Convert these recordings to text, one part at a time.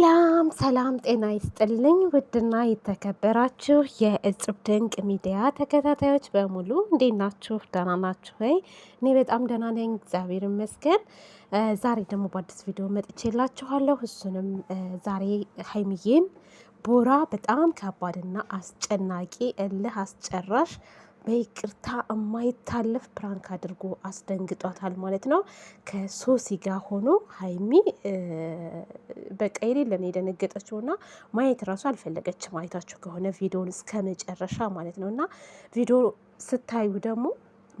ሰላም ሰላም፣ ጤና ይስጥልኝ ውድና የተከበራችሁ የእጽብ ድንቅ ሚዲያ ተከታታዮች በሙሉ እንዴት ናችሁ? ደህና ናችሁ ወይ? እኔ በጣም ደህና ነኝ፣ እግዚአብሔር ይመስገን። ዛሬ ደግሞ በአዲስ ቪዲዮ መጥቼላችኋለሁ። እሱንም ዛሬ ሀይሚዬን ቦራ በጣም ከባድና አስጨናቂ እልህ አስጨራሽ በይቅርታ የማይታለፍ ፕራንክ አድርጎ አስደንግጧታል ማለት ነው። ከሶሲ ጋር ሆኖ ሀይሚ በቃ የደነገጠችው የደነገጠችውና ማየት ራሱ አልፈለገችም። ማየታችሁ ከሆነ ቪዲዮን እስከ መጨረሻ ማለት ነው እና ቪዲዮ ስታዩ ደግሞ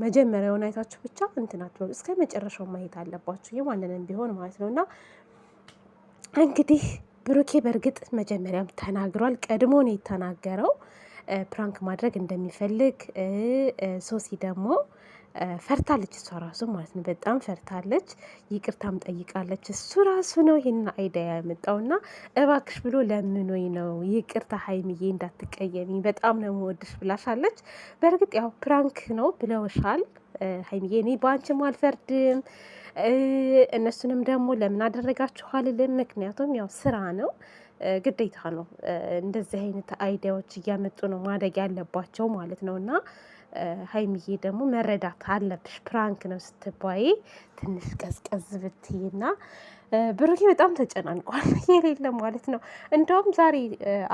መጀመሪያውን አይታችሁ ብቻ እንትናት እስከ መጨረሻው ማየት አለባችሁ የማንንም ቢሆን ማለት ነው እና እንግዲህ ብሩኬ በእርግጥ መጀመሪያም ተናግሯል። ቀድሞ ነው የተናገረው ፕራንክ ማድረግ እንደሚፈልግ ሶሲ ደግሞ ፈርታለች። እሷ ራሱ ማለት ነው በጣም ፈርታለች። ይቅርታም ጠይቃለች። እሱ ራሱ ነው ይህን አይዲያ ያመጣውና እባክሽ ብሎ ለምኖኝ ነው ይቅርታ ሀይምዬ እንዳትቀየሚ በጣም ነው የምወድሽ ብላሻለች። በእርግጥ ያው ፕራንክ ነው ብለውሻል ሀይምዬ። እኔ በአንቺም አልፈርድም እነሱንም ደግሞ ለምን አደረጋችኋልልም። ምክንያቱም ያው ስራ ነው ግዴታ ነው። እንደዚህ አይነት አይዲያዎች እያመጡ ነው ማደግ ያለባቸው ማለት ነው። እና ሀይሚዬ ደግሞ መረዳት አለብሽ። ፕራንክ ነው ስትባይ ትንሽ ቀዝቀዝ ብትይና፣ ብሩኬ በጣም ተጨናንቋል። የሌለ ማለት ነው። እንደውም ዛሬ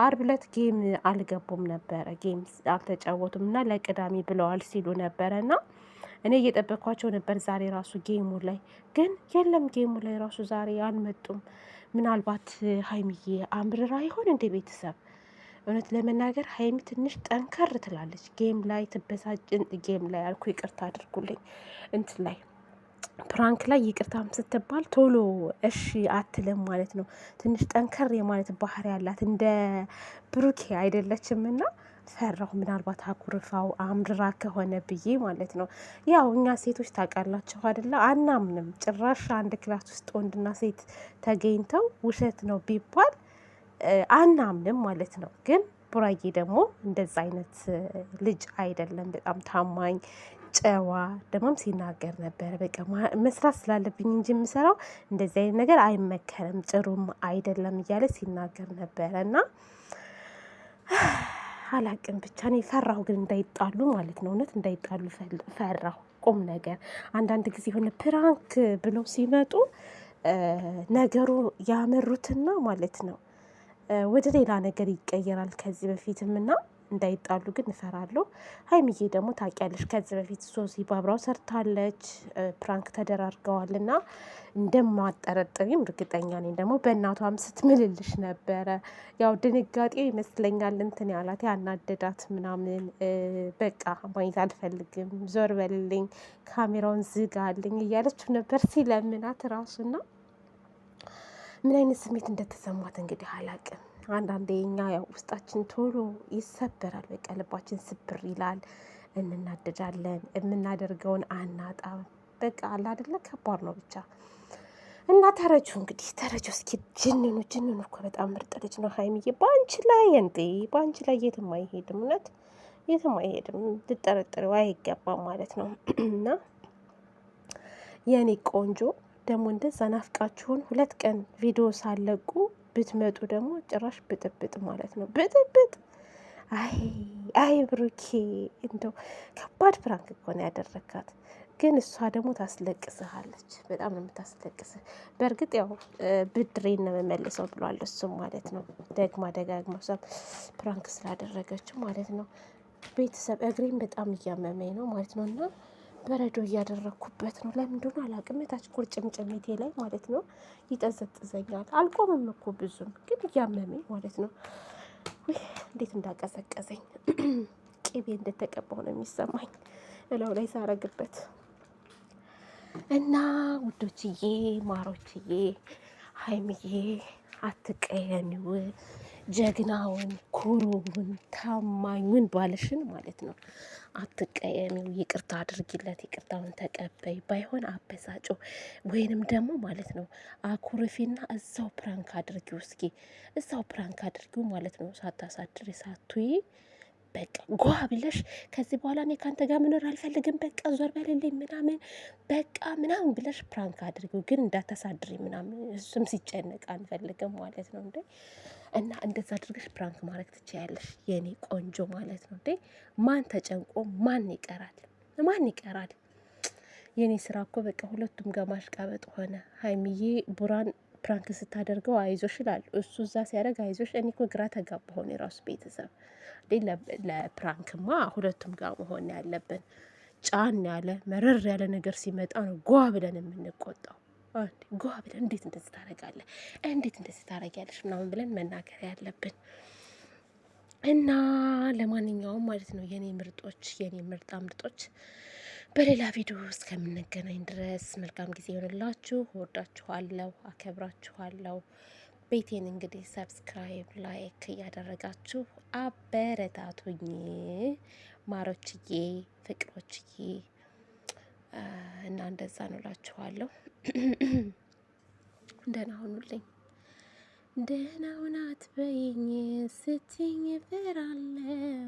አርብ ዕለት ጌም አልገቡም ነበረ፣ ጌም አልተጫወቱም እና ለቅዳሜ ብለዋል ሲሉ ነበረ እና እኔ እየጠበኳቸው ነበር ዛሬ ራሱ ጌሙ ላይ ግን የለም። ጌሙ ላይ ራሱ ዛሬ አልመጡም። ምናልባት ሀይሚዬ አምርራ ይሆን እንደ ቤተሰብ እውነት ለመናገር ሀይሚ ትንሽ ጠንከር ትላለች። ጌም ላይ ትበሳጭን ጌም ላይ አልኩ፣ ይቅርታ አድርጉልኝ፣ እንትን ላይ ፕራንክ ላይ ይቅርታም ስትባል ቶሎ እሺ አትልም ማለት ነው። ትንሽ ጠንከር የማለት ባህሪ ያላት እንደ ብሩኬ አይደለችም እና ፈራሁ። ምናልባት አኩርፋው አምርራ ከሆነ ብዬ ማለት ነው። ያው እኛ ሴቶች ታውቃላችሁ አደለ? አናምንም ጭራሽ አንድ ክላስ ውስጥ ወንድና ሴት ተገኝተው ውሸት ነው ቢባል አናምንም ማለት ነው። ግን ቡራዬ ደግሞ እንደዛ አይነት ልጅ አይደለም። በጣም ታማኝ ጨዋ ደግሞም ሲናገር ነበረ። በቃ መስራት ስላለብኝ እንጂ የምሰራው እንደዚህ አይነት ነገር አይመከርም፣ ጥሩም አይደለም እያለ ሲናገር ነበረ እና አላቅም ብቻ እኔ ፈራሁ፣ ግን እንዳይጣሉ ማለት ነው። እውነት እንዳይጣሉ ፈራሁ። ቁም ነገር አንዳንድ ጊዜ የሆነ ፕራንክ ብለው ሲመጡ ነገሩ ያመሩትና ማለት ነው ወደ ሌላ ነገር ይቀየራል ከዚህ በፊትም እና እንዳይጣሉ ግን እፈራለሁ። ሀይሚዬ ደግሞ ታውቂያለሽ፣ ከዚህ በፊት ሶሲ ባብራው ሰርታለች፣ ፕራንክ ተደራርገዋል እና እንደማጠረጥሪም እርግጠኛ ነኝ። ደግሞ በእናቷም ስትምልልሽ ነበረ። ያው ድንጋጤ ይመስለኛል እንትን ያላት ያናደዳት ምናምን በቃ ማየት አልፈልግም፣ ዞር በልልኝ፣ ካሜራውን ዝጋልኝ እያለችው ነበር ሲለምናት ራሱና ምን አይነት ስሜት እንደተሰማት እንግዲህ አላቅም። አንዳንዴ እኛ ያው ውስጣችን ቶሎ ይሰበራል። በቃ ልባችን ስብር ይላል፣ እንናደዳለን፣ የምናደርገውን አናጣም። በቃ አለ አይደለ ከባድ ነው ብቻ እና ተረጁ እንግዲህ ተረጁ እስኪ ጅንኑ ጅንኑ እኮ በጣም ምርጥ ልጅ ነው ሀይሚዬ። በአንቺ ላይ እንዴ በአንቺ ላይ የትም አይሄድም፣ እውነት የትም አይሄድም። ልጠረጥሪው አይገባም ማለት ነው እና የኔ ቆንጆ ደግሞ እንደዛ ናፍቃችሁን ሁለት ቀን ቪዲዮ ሳለቁ ብትመጡ ደግሞ ጭራሽ ብጥብጥ ማለት ነው። ብጥብጥ አይ አይ ብሩኬ እንደው ከባድ ፍራንክ እኮ ነው ያደረካት። ግን እሷ ደግሞ ታስለቅስሃለች። በጣም ነው የምታስለቅስ። በእርግጥ ያው ብድሬን ነው የምመልሰው ብሏል እሱም ማለት ነው። ደግማ ደጋግማ እሷም ፕራንክ ስላደረገችው ማለት ነው። ቤተሰብ እግሬን በጣም እያመመኝ ነው ማለት ነው እና በረዶ እያደረግኩበት ነው። ለምንድን አላቅም፣ የታች ቁርጭምጭሚቴ ላይ ማለት ነው ይጠዘጥዘኛል። አልቆምም እኮ ብዙም ግን እያመመኝ ማለት ነው። እንዴት እንዳቀዘቀዘኝ ቅቤ እንደተቀባው ነው የሚሰማኝ እለው ላይ ሳረግበት እና ውዶችዬ፣ ማሮችዬ፣ ሀይምዬ አትቀየሚው። ጀግናውን፣ ኩሩውን፣ ታማኙን ባልሽን ማለት ነው። አትቀየሚው፣ ይቅርታ አድርጊለት፣ ይቅርታውን ተቀበይ። ባይሆን አበሳጮ ወይንም ደግሞ ማለት ነው አኩርፊና እዛው ፕራንክ አድርጊው። እስኪ እዛው ፕራንክ አድርጊው ማለት ነው። ሳታሳድር ሳቱይ በቃ ጓ ብለሽ ከዚህ በኋላ እኔ ከአንተ ጋር መኖር አልፈልግም፣ በቃ ዞር በልልኝ ምናምን በቃ ምናምን ብለሽ ፕራንክ አድርጊው፣ ግን እንዳታሳድሪ ምናምን። እሱም ሲጨነቅ አንፈልግም ማለት ነው እንዴ። እና እንደዛ አድርገሽ ፕራንክ ማድረግ ትችያለሽ የኔ ቆንጆ ማለት ነው። እንዴ ማን ተጨንቆ ማን ይቀራል? ማን ይቀራል? የኔ ስራ እኮ በቃ ሁለቱም ገማሽ ቀበጥ ሆነ። ሀይሚዬ ቡራን ፕራንክ ስታደርገው አይዞሽ ይላሉ። እሱ እዛ ሲያደርግ አይዞሽ። እኔ እኮ ግራ ተጋባ ሆነ። የራሱ ቤተሰብ ለፕራንክማ ሁለቱም ጋር መሆን ያለብን። ጫን ያለ መረር ያለ ነገር ሲመጣ ነው ጓ ብለን የምንቆጣው። ጓ ብለን እንዴት እንደዚህ ታደርጋለህ፣ እንዴት እንደዚህ ታደርጊያለሽ ምናምን ብለን መናገር ያለብን እና ለማንኛውም ማለት ነው የኔ ምርጦች፣ የኔ ምርጣ ምርጦች በሌላ ቪዲዮ እስከምንገናኝ ድረስ መልካም ጊዜ ይሆንላችሁ። እወዳችኋለሁ፣ አከብራችኋለሁ። ቤቴን እንግዲህ ሰብስክራይብ ላይክ እያደረጋችሁ አበረታቱኝ ማሮችዬ፣ ፍቅሮችዬ። እና እንደዛ ነው ላችኋለሁ። ደህና ሁኑልኝ። ደህና ሁናት በይኝ ስትኝ እፈራለሁ።